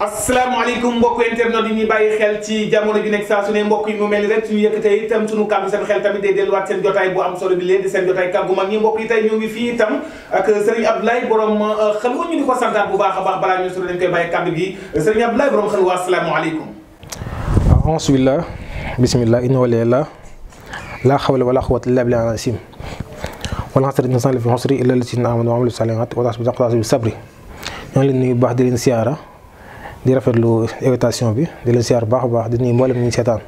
asalaamaaleykum mbokk internet yi ñuy bàyyi xel ci jamono ju nekk saa su ne mbokk yi mu mel ni rek suñu yëkkatee itam suñu kàddu seen xel tamit day delluwaat seen jotaay bu am solo bi léegi seen jotaay kàggu mag ñi mbokk yi tey ñu ngi fii itam ak Serigne Abdoulaye borom euh, xalwa a baax balaa ñu sabri ñoo leen nuyu bu baax di siyaara di rafetlu invitation bi di la ziar baax a baax di nuyu mboolem ñu seetaan.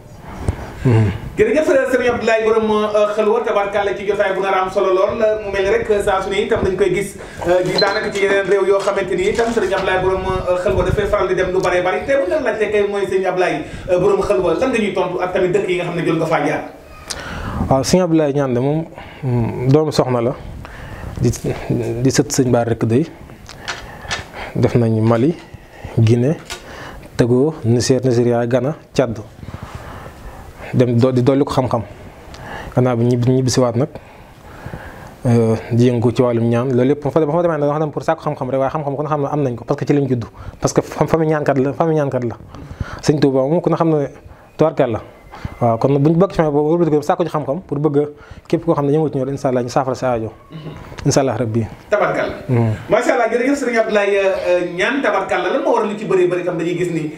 Mhm. jërëjëf sëriñ Abdoulaye borom euh, xelwa tabarkàlla ci jotaay bu nar a solo lool mel ni euh, saa su ne itam dañ koy gis euh, yoo xamante dafay faral di dem lu bare bari te bu ñu la laajte kay mooy sëriñ Abdoulaye borom xelwa lan nga ñuy tontu ak tamit dëkk yi nga xam ne jël nga faa jaar. waaw sëriñ Abdoulaye Niane moom mm, doomu soxna la di sët sëñ Bara rek day def nañu Mali. Guinée Togo Niger Nigeria Ghana Tchad dem di dolli ko xam-xam gannaaw bi ñibbi ñibbisiwaat nag euh, di yëngu ci wàllum ñaan loolu yëpp ba fa demee da nga dem pour sàkku xam-xam rek waaye xam-xam ku ne xam ne am nañ ko parce que ci lañ judd parce que famille ñaankat la famille ñaankat la sëñ Touba moom ku ne xam ne tubaarkat la. waaw kon nag bu ñu bokk ci may boobu wëlbati ko sàkku ci xam-xam pour bëgg képp koo xam ne ñëwatu ñoom incha ñu saafara sa aajo. incha allah rabbi. tabarkalla. macha allah jërëjëf sëriñ Abdoulaye li ci bëri bëri gis ni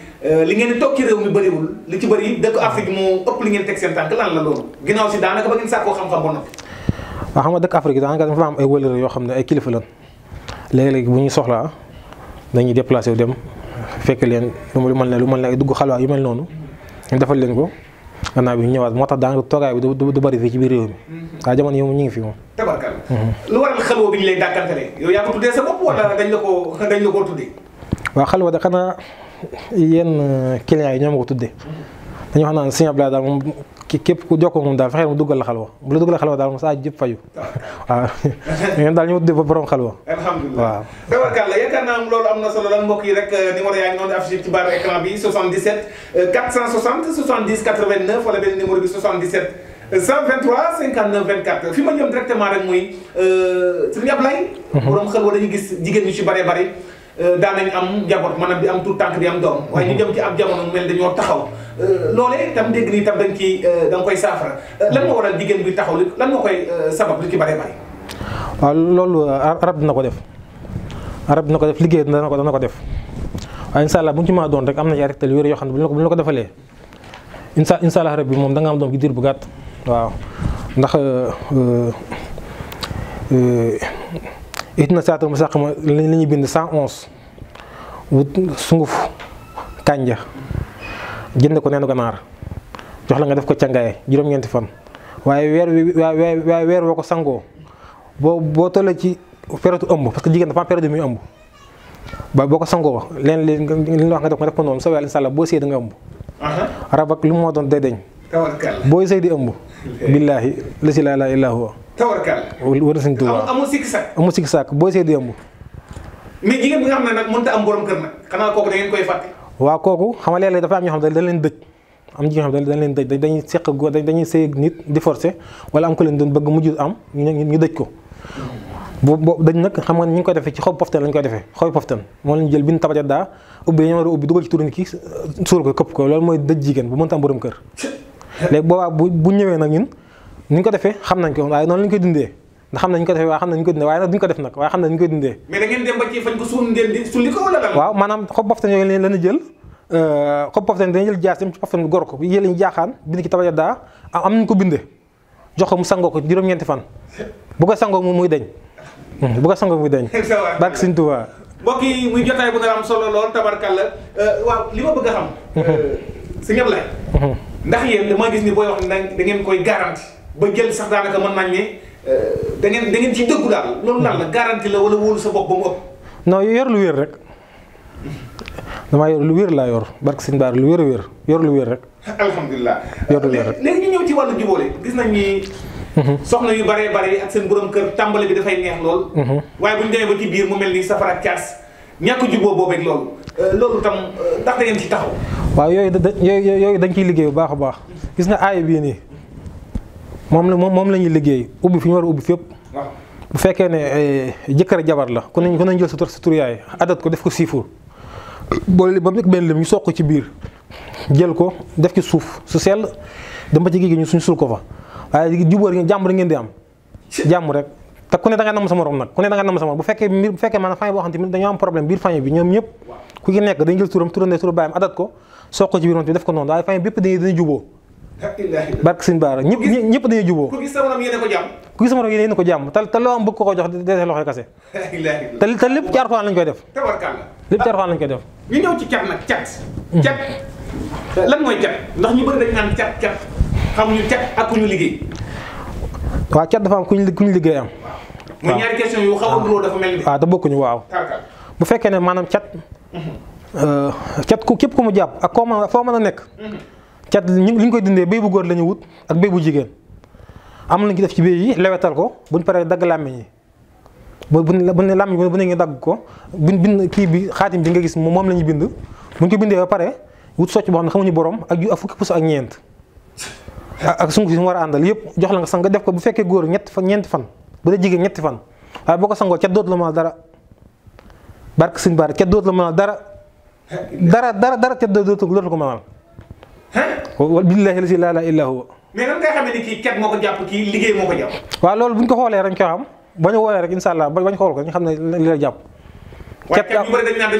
li ngeen di toog ci réew mi bëriwul li ci bëri dëkk Afrique moo ëpp li ngeen teg seen tànk lan la loolu ginnaaw si daanaka ba ngeen sàkkoo xam-xam ba noppi. waaw xam nga dëkk Afrique daanaka dafa am ay wëlër yoo xam ne ay kilifa lan léeg-léeg bu ñuy soxlaa dañuy déplacé wu dem fekk leen lu mel ne lu mel ne dugg xalwaa yu mel noonu ñu defal leen ko gannaaw bi ñu ñëwaat moo tax daanaka toogaay bi du du bëri fii ci biir réew mi waaw jamono yi moom ñu ngi fi moom tabarkal mhm. lu waral xalwa bi ñu lay dàkkantalee yow yaa ko tuddee sa bopp wala dañ la ko dañ la koo tuddee waaw xalwa de xanaa yenn euh, clients ko tuddee mhm. dañoo xam naan Serigne képp ku jokkoo moom daal fexeel mu duggal la xalwa bu la duggal xalwa daal moom saa jëpp fayu waaw ñoom daal ñu tudde ba borom xalwa alhamdulilah waaw tabarkàlla yaakaar naa loolu am na solo lan mbokk yi rek euh, numéro yaa ngi noonu affiché ci barre écran bi 77 460 70 89 wala benn numéro bi 77 123 59 24 fi ma jëm directement rek muy euh, Serigne Ablaye. Mhm. borom xel wala gis jigéen ñu ci bare bare. Euh, daanañ am njaboot maanaam di am tout tànk bi am doom waaye ñu mhm. jëm ci am jamono mu mel dañoo taxaw euh, loolee tam dégg nii tam dañ ci euh, da koy saafara lan moo waral jigéen bi taxaw li lan moo koy sabab lu ci bare bari waaw loolu dina ko def arab dina ko def liggéey dana ko dana ko def waaye bu ci maa doon rek am na ay tegtal yu wér yoo xam ne bu ñu ko defalee incha incha allah rabbi moom danga am doom gi diir bu gàtt waaw it na itina saatal mustaqima la ñuy bind cent onze wut sunguf kànja jënd ko neenu ganaar jox la nga def ko cangaay juróom-ñeenti fan waaye weer wi waaye weer woo ko sangoo boo boo tollee ci période ëmb parce que jigéen dafa am période muy ëmb ba boo ko sangoo leen li ñu wax nga def ko def ko noonu sa wàllu sàlla boo sëy nga ëmb. Uh-huh. rab ak lu moo doon day deñ booy sëy di ëmb. billaahi la si laa ilaaha illaa tawarkaal. wala sëñ Tuubaa amul sikki sàkk. amul sikki sàkk boo see yomb. mais jigéen bi nga xam a am kooku da ngeen koy fàtte. waaw kooku xam nga léeg-léeg dafa am ñoo xam ne dañ leen dëj dañ leen dëj dañuy seq góor dañuy sëy nit di forcé wala am ku leen doon bëgg mujj am ñu dëj ko. bu boobu dañ nag xam nga ñu ngi koy defee ci xobu poftan lañ koy defee xobu poftan moo lañ jël bin tabaja daa ubbi dañoo war a ubbi dugal ci turuñ ki ko këpp ko loolu mooy dëj jigéen bu mënta am borom kër léegi boobaa bu ñëwee nag ñun ni ñu ko defee xam nañ ko waaye noonu lañ koy dundee ndax xam nañ ko defee waaye xam nañ ko dundee waaye nag duñ ko def nag waaye xam nañ koy dundee mais da ngeen dem ba ci fañ ko suul ko wala lan waaw maanaam xob boftan yooyu leen jël euh, xob boftan dañu jël jaas dem ci boftan bi gor ko yéen lañu jaaxaan bind ci tabaja daa am nañ ko bindee jox ko mu sangoo ko juróom-ñeenti fan bu ko sangoo mu muy deñ hmm, bu ko sangoo muy deñ barke Sëñ Tuubaa mbokk yi muy jotaay bu dara am solo lool tabarkàlla euh, waaw li a xam si ñëpp lay ndax yéen dama gis ni booy wax da ngeen koy garanti ba jël sax daanaka mën nañ ne euh, da ngeen da ngeen ciy dëggu daal loolu daal la mm-hmm. garantie la wala wóolu sa bopp ba mu ëpp. non yor lu wér rek damaa yor lu wér laa yor barke sëñ Baar lu wér a wér yor lu wér rek. alhamdulilah yor lu wér euh, ñu ñëw ci wàllu jubóole gis nañ ni. Mm-hmm. soxna yu baree bare ak seen borom kër tàmbali bi dafay neex lool. Mm-hmm. waaye bu demee ba ci biir mu mel ni safara ak caas ñàkk jubóo boobeeg loolu euh, loolu tam ndax da ci taxaw. waaw yooyu da yooyu dañ ciy liggéey bu baax a baax gis nga aaya moom la moom la ñuy liggéey ubbi fi ñu war a ubbi fépp. bu fekkee ne eh, jëkkër jabar la ku nañ ku nañ jël sa tur sa ko def ko siifur. boole ba mu nekk benn lim ñu ko ci biir jël ko def ci ne sa morom nag ku ne da nga nam sa morom bu am nekk dañ jël turam turam ne turu baayam adat ko soq ko ci biir moom def ko noonu waaye famille bépp dañuy dañuy jubóo barke sëñ Baara ñëpp ñëpp dañuy juboo ku gis sama ram yéene ko jàmm ku gis sama ko jàmm te te loo am bëgg ko ko jox dese loxoy kase te te lépp ci Alxuraan lañ koy def tabarkalla lépp ci Alxuraan lañ koy def ñu ñëw hmm. ndax ñu bëri dañ naan cat cat xamuñu ak ku ñu liggéey waaw cat dafa am ku ñu ku ñu liggéey am muy ñaari question yu xaw a nuroo dafa mel waaw ah, te bokkuñu bu fekkee ne maanaam cat hmm. euh, cat ku képp ku mu jàpp ak koo mën foo a nekk hmm. cat li ñu koy dundee béy bu góor la ñu wut ak béy bu jigéen am nañ ci def ci béy yi lawetal ko buñ paree dagg làmmiñ yi bu bu ne làmmiñ bu ne ngeen dagg ko bin bind kii bi xaatim bi nga gis moom la ñu bind buñ ko bindee ba pare wut socc boo xam ne xamuñu borom ak yu ak fukki puso ak ñeent ak sungu si mu war a àndal yëpp jox la nga sang nga def ko bu fekkee góor ñett fan ñeenti fan bu dee jigéen ñetti fan waaye boo ko sangoo cat dootu la mën dara barke suñu baar cat la mën dara dara dara dara cat dootu ko mënal wa billaahi la si laa ilaaha illaa huwa mais nan ngay xamee ni kii ket moo ko jàpp kii liggéey moo ko jàpp. waaw loolu bu ñu ko xoolee rek ñu koy xam ba ñu wooyee rek incha ko ñu xam ne li la jàpp.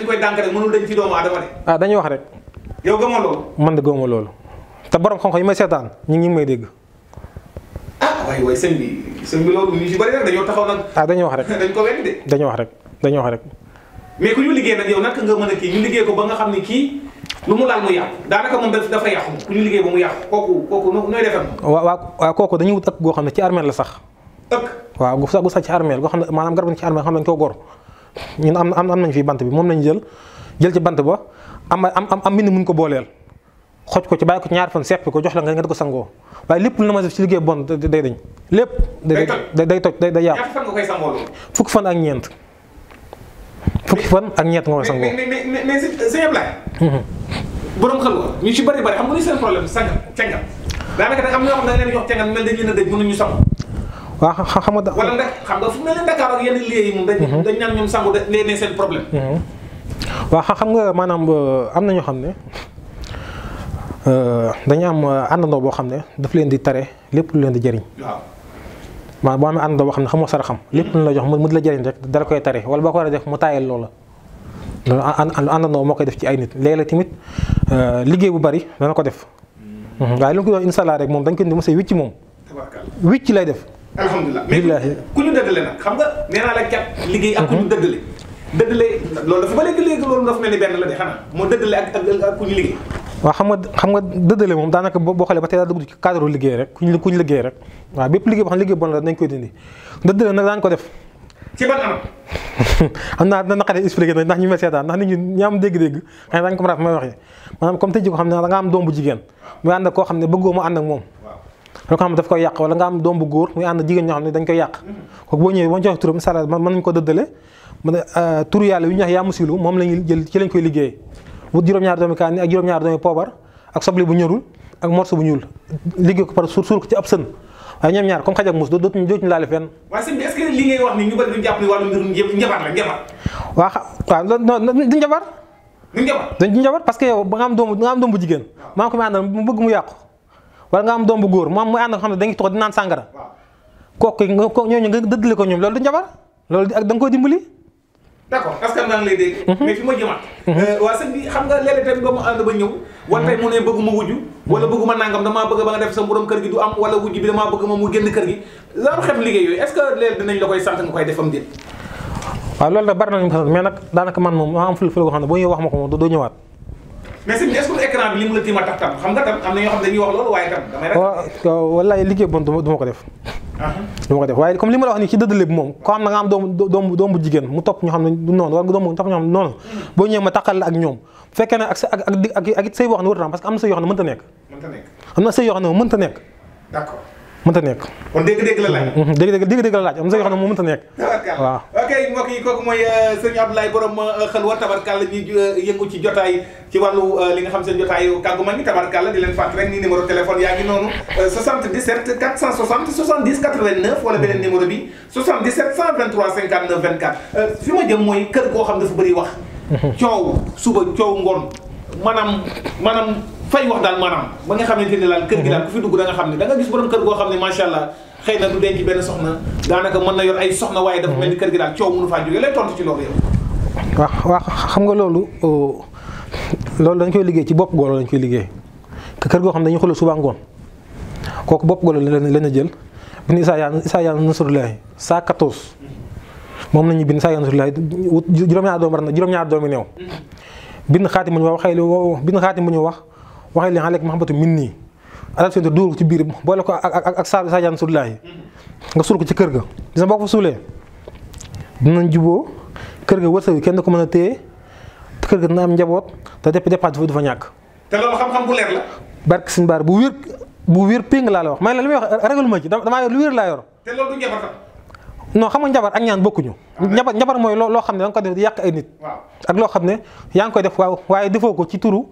koy dànk dañ ci doomu aadama de. ah dañuy wax rek. yow gëmoo loolu. man de gëmoo loolu te borom xam-xam yi may seetaan ñu ngi may dégg. ah waay waay sëñ bi sëñ bi loolu ñu ci bëri rek dañoo taxaw nag. ah dañuy wax rek dañ ko weddi wax rek dañuy wax rek. mais ku ñu liggéey nag yow naka nga mën a kii ñu liggéey ko ba nga xam ne kii lu mu laal mu yàqu daanaka moom dafa yàqu ku ñu liggéey ba mu yàqu kooku kooku nooy defam. waaw waaw kooku dañuy wut ëkk goo xam ne ci armeel la sax. ëkk waaw gu sax gu sax ci armeel goo xam ne maanaam garab ci armeel xam nañ koo gor ñun am am am nañ fii bant bi moom lañ jël jël ci bant ba am am am mbind mun ko booleel xoj ko ci bàyyi ko ñaar fan seppi ko jox la nga nga di ko sangoo waaye lépp lu la ma def ci liggéey bon day dañ lépp day day toj day day yàqu fukk fan ak ñeent fukki fan ak ñett nga war a sangoo. mais mais mais mhm. ko ñu ci bari bari xam nga ni seen problème sangal cengal daanaka da am xam a dëj mënuñu sangu. waaw xam nga. wala xam nga ne Dakar ak yenn lieux yi moom. dañ mhm. dañ ñaan ñoom sangu dañ leen seen problème. Mhm. waaw xam nga maanaam euh, am na ñoo xam ne euh, dañu am euh, àndandoo boo xam ne daf leen di tare lépp lu leen di jëriñ. waaw. maanaam boo amee àndandoo boo xam ne xamoo saraxam lépp lu la jox mu di la jëriñ rek dala koy tare wala boo ko war a def mu taayal loola loolu àndandoo moo koy def ci ay nit léeg-léeg tamit euh, liggéey bu bari na ko def hmm. waaye lu ko doon inshallah rek moom dañ ko indi mos a wicc moom wicc lay def alhamdulilah mais ku ñu nag xam nga nee naa la jàpp liggéey a ku ñu mhm. dëddale loolu dafa ba loolu la de moo dëddale ak ak ku ñu liggéey. waaw xam nga xam nga dëddale moom boo xoolee ba tey daal dugg liggéey rek ku ñu ku ñu liggéey rek waaw bépp liggéey boo xam ne liggéey bon la dañ koy dindi dëddale nag daañu ko def. ci ban anam. naa dina naqaree ñu may seetaan ndax nit ñi ñi am dégg ko mën a waxee maanaam comme xam ne da nga am doom bu jigéen muy ànd ak koo xam ne bëggoo mu ànd ak moom loo xam ne yàq wala nga am doom bu góor muy jigéen ñoo xam ne dañ ko yàq mm-hmm. kooku boo ñëwee boo joxe man sara mën nañ ko dëddale mu ne euh, turu yàlla yu ñu wax yaa musilu moom la ñuy jël ci lañ koy liggéey wut juróom-ñaari doomi kaani ak juróom-ñaari doomi poobar ak soble bu ñorul ak morso bu ñuul liggéey ko par suur suur ko ci ab sën waaye ñoom ñaar comme xaj ak mus dootuñu dootuñu laale fenn. waaye sëñ bi ba nga am doom nga am doom bu ko mu bëgg mu yàqu. wala nga am doom bu góor mu am mu ànd nga xam ne da nga toog di naan sàngara. waaw kooku ñooñu nga dëddale ko ñoom loolu du njabar loolu ak da nga koy d' accord parce que naa ngi lay dégg. Mhm. mais fi ma jëmaat. Mhm. Euh, waa sëñ bi xam nga léeg-léeg tamit ba mu ànd ba ñëw. wala tey mhm. mu ne bëgg wujju. wala bëgg ma damaa bëgg ba nga def sa borom kër gi du am wala wujju bi damaa bëgg ma mu génn kër gi lan xeetu liggéey yooyu est ce que léeg dinañ la koy sant nga koy defam déet. waaw loolu nag bari na ñu ko sant nag daanaka man moom maa am ful ful boo xam ne boo ñëwee wax ma ko moom doo ñëwaat mais sëñ bi est-ce que écran bi li mu la tiima tax tam xam nga tam am na ñoo xam dañuy wax loolu waaye tam damay rek wallaay liggéey bon du ma ko def ah. du ma ko def waaye comme li ma la wax nii ci dëddale bi moom ko xam na nga am doom doom doom bu jigéen mu topp ñoo xam ne du noonu war nga doom bu topp ñoo xam ne noonu boo ñëwee ma taqal la ak ñoom bu fekkee ne ak sa ak ak ak it sëy boo xam ne warut am parce que am na sëy yoo xam ne mënta nekk mënta nekk am na sëy yoo xam ne mënta nekk d'accord mënta nekk. kon dégg-dégg la laaj. Mhm. dégg-dégg dégg-dégg la laaj am na yoo xam ne moom mënta nekk. waaw ok mbokk yi kooku mooy euh, sëñ Abdoulaye borom euh, xelwa tabarkàlla ñuy euh, yëngu ci jotaay ci wàllu li nga xam seen jotaayu kàggu mag ñi tabarkàlla di leen fàtt rek ni numéro téléphone yaa ngi noonu 77 460 70 89 wala beneen numéro bi 77 123 59 24 fi ma jëm mooy kër goo xam dafa bëri wax. Mhm. coow suba coow ngoon maanaam maanaam. fay wax daal maanaam ba nga xam ni daal kër gi daal ku fi dugg da nga xam ne da nga gis borom kër goo xam ne macha allah xëy na du denc benn soxna daanaka mën na yor ay soxna waaye dafa mel ni kër gi daal coow mënu faa jógee lay xam nga loolu oh, loolu dañ koy liggéey ci bopp golo lañ koy liggéey kër goo xam ne dañuy xoolal suba ngoon kooku bopp golo lañ la jël bind Isaaya Isaaya Nasrullahi 114 moom la ñuy bind Isaaya Nasrullahi wut juróom-ñaar doomu ren juróom-ñaar doomu néew bind xaatim bu ñu wax xëy bind xaatim mu ñu wax waxee li xaleeg mahabbatu min nii adapté te dóor ko ci biir boole ko ak ak ak saa saa jaan nga suul ko ci kër ga gis boo ko fa suulee dinañ juboo kër ga wërsëg bi kenn ko mën a te kër ga dina am njaboot te dépp dépasse dafa dafa ñàkk. te loolu xam-xam bu baar bu wér bu wér péng laa la wax man la li may wax ragal ma damaa yor lu wér laa yor. te loolu njabar xam nga njabar ak ñaan bokkuñu. njabar ah, njabar mooy loo loo xam ne da nga ko def di yàq ay nit. ak loo xam ne yaa ngi koy def waaye defoo ko ci turu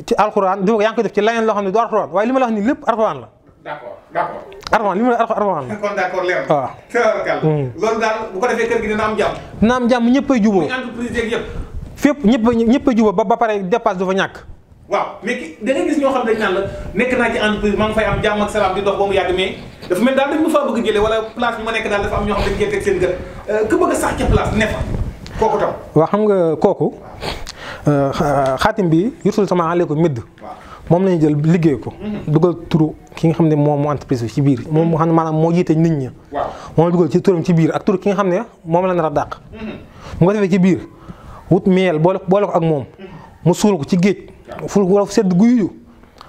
ci alxuraan di ko yaa ngi def ci leneen loo xam ne du alxuraan waaye li ma la wax nii lépp alxuraan la. alxuraan li ma la alxuraan la. kon d' hmm. loolu daal bu ko defee kër gi am jàmm. dina am jàmm ñëppay juboo. muy entreprise yeeg yëpp. ñëpp ñëppay ba ba pare dépasse du ñàkk. waaw mais ki da ngay gis ñoo xam dañ naan la nekk naa ci entreprise maa ngi fay am jàmm ak salaam dox ba mu yàgg mais dafa mel daal dañ ma faa daal dafa am ñoo xam dañ koy teg seen gër euh, ku xam nga kooku Euh, xaatim bi yursul sama medd midd moom la ñu jël liggéey ko mhm. dugal turu ki nga xam ne moom moo entreprise bi ci biir moom moo xam ne maanaam moo jiite nit ñi moom la dugal ci turam ci biir ak tur ki nga xam ne moom a dàq mhm. mu ko defee ci biir wut meel boole boole ko ak moom mhm. mu suul ko ci géej fu wala fu sedd guyu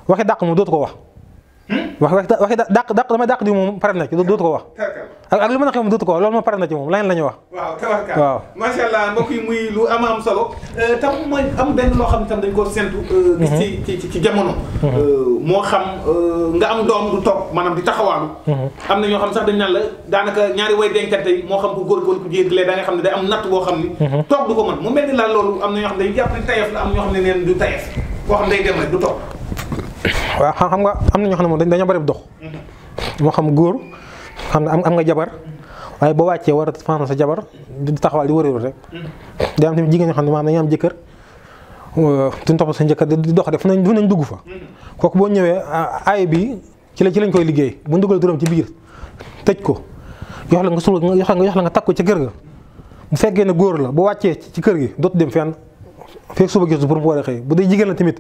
waxee daq moom dootu ko wax wax wax waxi dàq dàq damay dàq di moom pare na ci dootu ko wax. ak lu mën a xew moom dootu ko wax loolu moom pare na ci moom leneen la ñuy wax. waaw tabarka waaw macha allah mbokk yi muy lu am am solo euh, tam mooy am benn loo xam tam dañ koo séntu. Euh, gis mhm. ci ci ci jamono. Mhm. Euh, moo xam nga mhm. am na ñoo xam sax dañ naan la xam da nga xam ne day am natt boo xam ni. toog du ko mën mu mel ni loolu am na ñoo xam ne dañuy jàpp ne tayef la am ñoo xam ne neen du tayef koo xam day dem rek du toog waaw xam nga am na ñoo xam ne moom dañoo bari bu dox. moo xam góor xam ne am nga jabar waaye boo wàccee war a fanaan sa jabar di taxawal di wërëwër rek. day am tamit jigéen ñoo xam ne maanaam dañoo am jëkkër. duñ topp sa njëkk di dox def nañ fu nañ dugg fa kooku boo ñëwee aay bi ci la koy liggéey bu ñu dugal ci biir tëj ko yox la nga suul yox nga yox la nga takk ko ci kër ga bu fekkee ne góor la bu wàccee ci kër gi dootu dem fenn fekk suba gis du pour mu war a xëy bu dee jigéen la tamit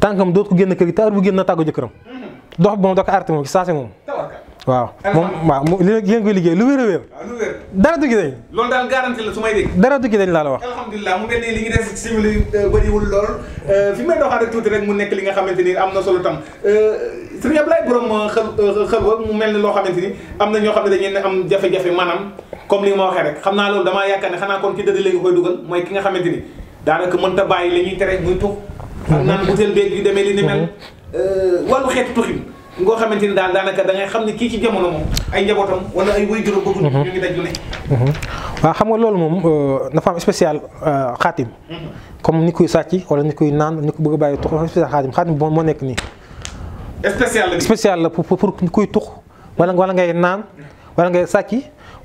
tànkam doot ko génn kër gi te heure bu génn na tàggu jëkkëram mhm. dox bi moom da ko arrêté moom ci saase moom waaw moom waaw mu li koy liggéey lu wér a wér dara tukki dañ loolu daal garanti la su may dégg dara tukki dañ laa la wax alhamdulilah mu mel ni li ngi des simili euh, bëriwul lool euh, fi may doxaat rek tuuti rek mu nekk li nga xamante ni am na solo tam euh, sëriñ Ablaye borom xel xel ba mu mel ni loo xamante ni am na ñoo xam ne dañuy am jafe-jafe maanaam comme ma waxee rek xam naa loolu damaa yaakaar ne xanaa kon ki mooy ki nga xamante ni daanaka mënta bàyyi li ñuy tere muy tuux ak naan butéel demee ni mel euh, wàllu xeetu xamante ni daal daanaka da xam ne kii ci jamono moom ay ay wéy mhm. mhm. xam nga loolu moom euh, dafa am spécial euh, xaatim mhm. ni koy sàcc wala ni koy naan ni ko bëgg a bàyyi tux xaatim xaatim bi moo nekk nii spécial la spécial la pour pour kuy tux wala wala ngay naan wala ngay sàcc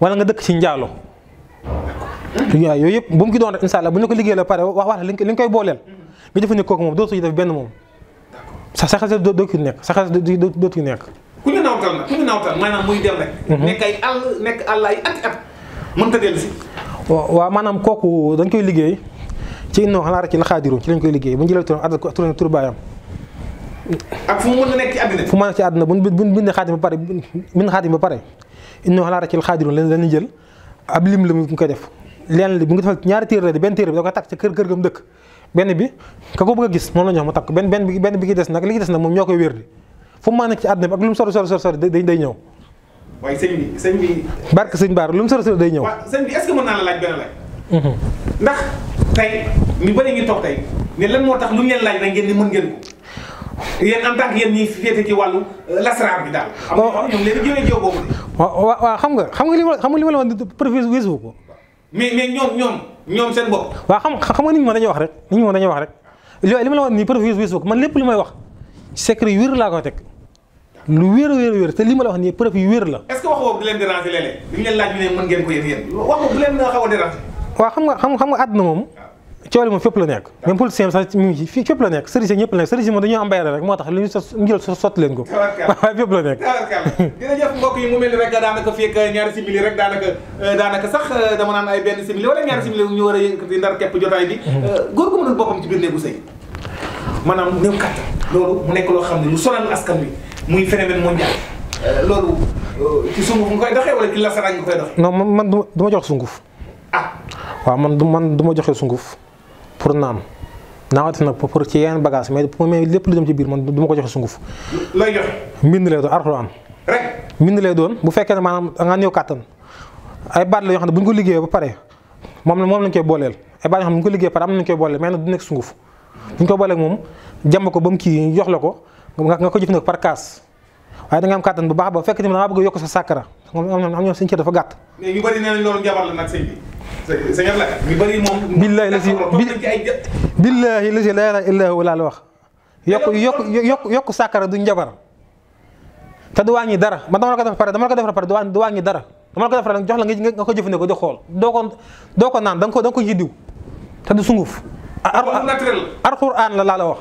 wala nga dëkk ci njaalo waaw yooyu yëpp bu mu ki doon rek incha allah bu ñu ko liggéey la pare wax wax li nga koy booleel nga jëfandikoo kooku moom dootu ci def benn moom. sa sa xase dootu nekk sa xase dootu nekk. ku ñu nawtal nag ku ñu nawtal maanaam muy dem rek. Mhm. nekk ay àll nekk àll ay at at mënut a dellu si. waaw maanaam kooku dañ koy liggéey ci inno xalaat ci la xaadiru ci lañ koy liggéey bu ñu jëlee turam àdduna ko turam tur baayam ak fu mu mën a nekk ci àdduna. fu mu mën a nekk ci àdduna bu ñu bu ñu bindee xaadim ba pare bind xaadim ba pare inno xalaat ci la xaadiru la ñu jël ab lim la mu koy def. lenn li bu nga defal ñaari téere la benn téere bi da ko tàkk ca kër kër ga mu dëkk benn bi ka ko bëgg a gis moom la ma wax ko takk benn benn bi benn bi ki des nag li ki des nag moom ñoo koy wérdi fu mu maa nekk ci àdduna bi ak lu mu sori sori day ñëw. waaye bi sëñ bi. Baar lu mu sori sori day ñëw. waaw sëñ bi est-ce que naa la laaj benn laaj. Mhm. ndax tey ñu bëri ñu toog tey ne lan moo tax lu ñu leen laaj rek ngeen ni mën ngeen ko. yéen en tant que yéen ñi féete ci wàllu euh, lasraar bi daal. am na ñoom xam nga xam nga li ma xam nga li ma la wax profil weesu ko. mais mais ñoom ñoom ñoom seen bopp. waaw xam xam nga nit ñi moom dañuy wax rek nit ñi moom dañuy wax rek li ma la wax nii preuve Facebook man lépp li may wax secret yu wér laa koy lu wér wér wér te li ma la wax nii preuve yu wér la. est-ce du leen déranger léeg-léeg. duñ leen laaj ñu ne ngeen ko yéen yéen wax boobu du leen xaw a déranger. waaw xam nga xam àdduna moom coole moom fépp la nekk même politicien sax mu ngi ci fépp la nekk sëriñ si ñëpp la nekk sëriñ si moom dañoo am bayra rek moo tax li ñu sos mu jël sotti leen ko waaye fépp la nekk jërëjëf mbokk yi mu mel ni rek daanaka fii ak ñaari simili rek daanaka euh, daanaka sax euh, dama naan ay benn simili wala ñaari simili ñu war a yëkkati ndar képp jotaay bi mm-hmm. euh, góor gu mënul boppam ci biir néegu sëy maanaam mu néew kàttan loolu mu nekk loo xam ne lu sonal askan wi muy phénomène mondial loolu ci sunguf nga koy doxee wala ci lasaraan nga koy doxee non man du ma jox sunguf ah waaw man du man du ma joxe sunguf pour naam naawati nag pour ci yeneen bagage mais lépp lu jëm ci biir man du ma ko joxe sunguf mbind lay doon alxuraan rek mbind lay doon bu fekkee ne maanaam da ngaa kàttan ay baat la yoo xam ne bu ñu ko liggéeyee ba pare moom la moom lañ koy booleel ay baat yoo xam ne bu ñu ko liggéeyee ba pare am nañu koy booleel mais nag du nekk sunguf bu ñu ko booleeg moom jàmb ko ba mu kii jox la ko nga ko jëf nag par kaas waaye da nga am kàttan bu baax ba fekk tamit da nga bëgg a yokk sa sàkkara am am ñoom seen cër dafa gàtt. mais ñu bëri nee la nag sëñ bi. sëñ bi la la si billahi la si wax. yokk yokk yokk yokk sàkkara du njabar te du ngi dara man dama la ko def pare dama la ko def pare du wàññi dara dama la ko def pare jox la nga ko jëfandikoo di xool doo ko doo naan da nga ko da nga ko jiddiw te du sunguf. ar ar la laa la wax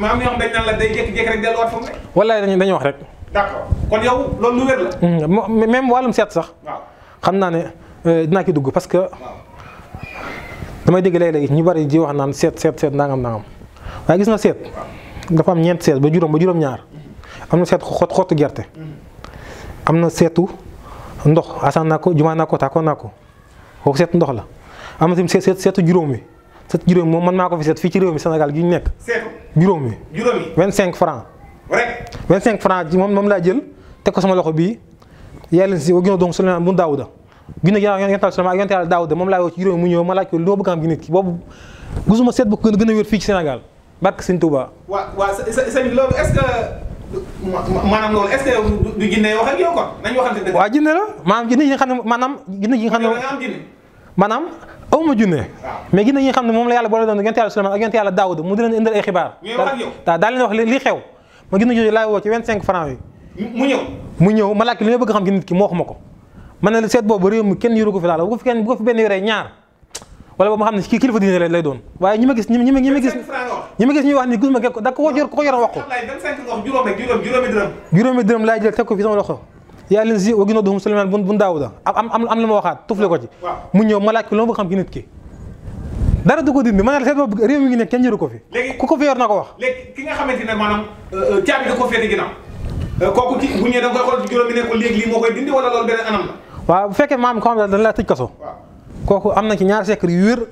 ma am yoo rek delluwaat dañuy dañuy wax rek. kon yow loolu lu wér la. Mm, même wàllum seet sax. waaw xam naa ne euh, dina ki dugg parce que. damay dégg léeg-léeg ñu bari di wax naan seet seet seet nangam nangam waaye gis na seet. dafa am ñeent seet ba juróom ba juróom-ñaar. Mm-hmm. am na seet xott xottu gerte. Mm-hmm. am na seetu ndox asaan naa ko jumaa naa ko taakoon ko kooku seet ndox la am na tamit seet seetu juróom wi seetu juróom moom man maa ko fi seet fii ci réew mi senegal gi ñu nekk. juróomi. juróomi 25 francs rek 25 francs ji moom moom laa jël teg ko sama loxo bii yàlla si wa gën a doon Souleymane bu Daawuda gine gi yonent yàlla Souleymane yonent yàlla Daawuda moom laa woo ci juróomi mu ñëw ma laaj ko ma bëgg am gi nit ki boobu gisuma seet bu ko gën a wér fii ci Sénégal barke Sëñ Touba. waaw waaw sëñ bi loolu est-ce que maanaam loolu est-ce jinne wax kon nañu waxante dëgg. waaw jinne la maanaam jinne yi nga xam ne maanaam jinne yi nga xam ne maanaam xawma junne mais gis nañu xam ne moom la yàlla boole doon yonent yàlla Suleymaan ak yonent yàlla Daawuda mu di leen ay xibaar daa leen wax li xew ma gis na jooju laay woo ci mu ñëw ma laaj li ma xam ci nit ki moo xuma ko ma ne seet boobu réew mi kenn yoru ko fi laal bu ko fi kenn bu ko fi benn boobu xam ne kii kilifa la lay doon waaye ñi ma gis ñi ma ñi ma gis ñi ma gis ko ko yor ko ko yor wax ko juróomi dërëm laay jël teg ko yaa leen si wagi nodduhum Suleymaan bun Daawuda am am la ma waxaat tufle ko ci mu ñëw ma laaj ko lu ma bëgg xam ki nit ki dara du ko dindi ma ne la seet boobu mi ngi nekk kenn jëru ko fi ku ko fi yor na ko wax léegi ki nga xamante ne maanaam euh, euh, caabi da ko féete ginnaaw euh, kooku ci bu ñëwee da nga koy xool ci ko léegi lii moo koy dindi wala loolu beneen anam ko xam ne dañ laa tëj kaso kooku am na ci ñaari secret yu wér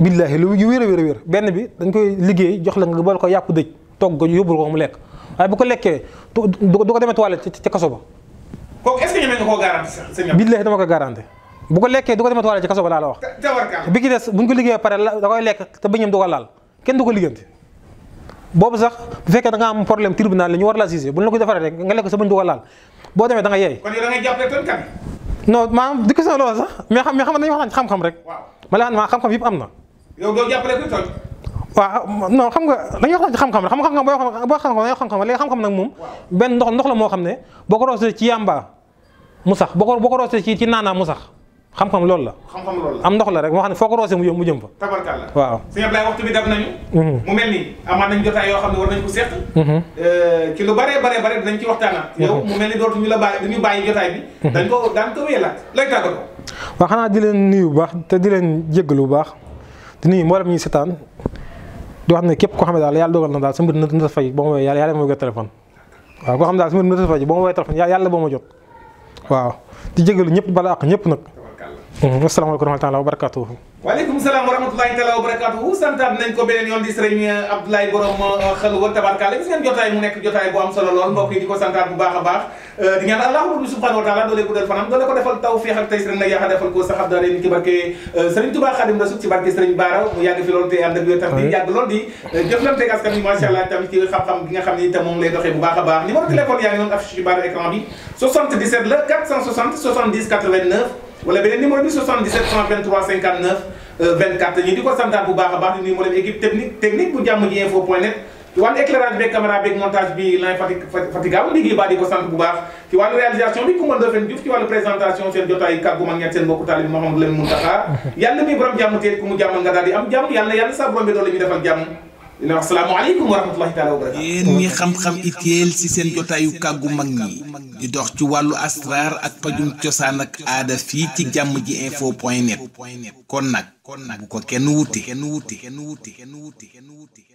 billaahi lu yu wér a wér a benn bi dañ koy liggéey jox la nga boole ko yàpp dëj togg ko yóbbul ko mu lekk waaye bu ko lekkee du ko demee toilette ci kaso ba kooku est-ce billahi dama ko garanti bu ko lekkee du ko ma ci kaso ba laa la wax. bi ki des ko liggéeyee pare da koy lekk te bëñam laal kenn du ko liggéeyanti boobu sax bu fekkee da nga am problème tribunal la ñu war la gisee bu ñu la ko defaree rek nga lekk sa bëñ laal boo demee da nga yeey. kon yow da ngay jàppale tënkat. non loolu sax mais xam mais xam nañu wax xam-xam rek. waaw ma la xam-xam yëpp am na. yow doo jàppale xam nga dañuy xam-xam rek xam-xam boo xam-xam boo xam-xam léegi xam-xam nag moom benn ndox ndox la moo xam ne boo ko roosee ci yamba mu sax boo ko boo ko roosee ci naana mu sax xam-xam loolu la. xam-xam am ndox la rek moo xam ne foo ko roosee mu jëm mu jëm fa. tabarkaal la waaw. sëñ waxtu bi dab nañu. Mhm. mu mel ni amaat nañ yoo xam ne war nañ ko mhm. euh, lu bare bare bare dinañ ci waxtaanaat. Mhm. mel ni dootuñu la bàyyi duñu bàyyi jotaay bi. dañ ko daan ko wéyalaat lay tàggatoo. waaw xanaa di leen nuyu bu baax te di leen jéggalu bu baax di nuyu mboolem ñi setaan di wax ne képp koo xam ne daal yàlla dogal na daal sa mbir na sa fay ba ma woowee yàlla yàlla ma ma jot waaw di jégalu ñëpp bala ak ñëpp nag. asalaamaaleykum wa rahmatulah wa barakaatuhu waaleykum salaam wa rahmatullahi taala wa barakaatuhu santaat nañ ko beneen yoon di sëriñ Abdoulaye borom xalwa tabarkaale gis ngeen jotaay mu nekk jotaay bu am solo lool mbokk yi di ko santaat bu baax a baax euh, di ñaan allah rabbi subhanahu wa taala doole guddal fanam doole ko defal tawfiix ak taysir nag yaaxa defal ko saxab daa leen ci barke euh, sëriñ Touba Xadim Rasul ci barke sëriñ Baara mu yàgg fi loolu te ànd ak yow tam di yàgg lool di euh, jëflante ak askan bi macha allah tamit ci xam-xam gi nga xam ne itam moom lay doxee bu baax a baax numéro téléphone yaa ngi noonu affiché ci barre écran bi 77 la 460 70 89 wala beneen numéro bi 77 123 59 24 ñu di ko santaat bu baax a baax di nuyu mboolem équipe technique technique bu jàmm ji info point net ci wàllu éclairage beeg caméra beeg montage bi laay fati fatigaaw liggéey baa di ko sant bu baax ci wàllu réalisation bi Coumba Ndoffène Diouf ci wàllu présentation seen jotaayu kàggu mag ñett seen mbokku taalibe Mouhamadou Lamine Mountakha yàlla mi borom jàmm teet ku mu jàmmal nga daal di am jàmm yàlla yàlla sa borom bi doon la ñu defal jàmm dina wax salaamaaleykum wa xam-xam itteel ci seen jotaayu kàggu mag ñi di dox ci wàllu asraar ak pajum cosaan ak aada fii ci jàmm ji info point net kon nag bu ko kenn wuti kenn wuti kenn wuti kenn wuti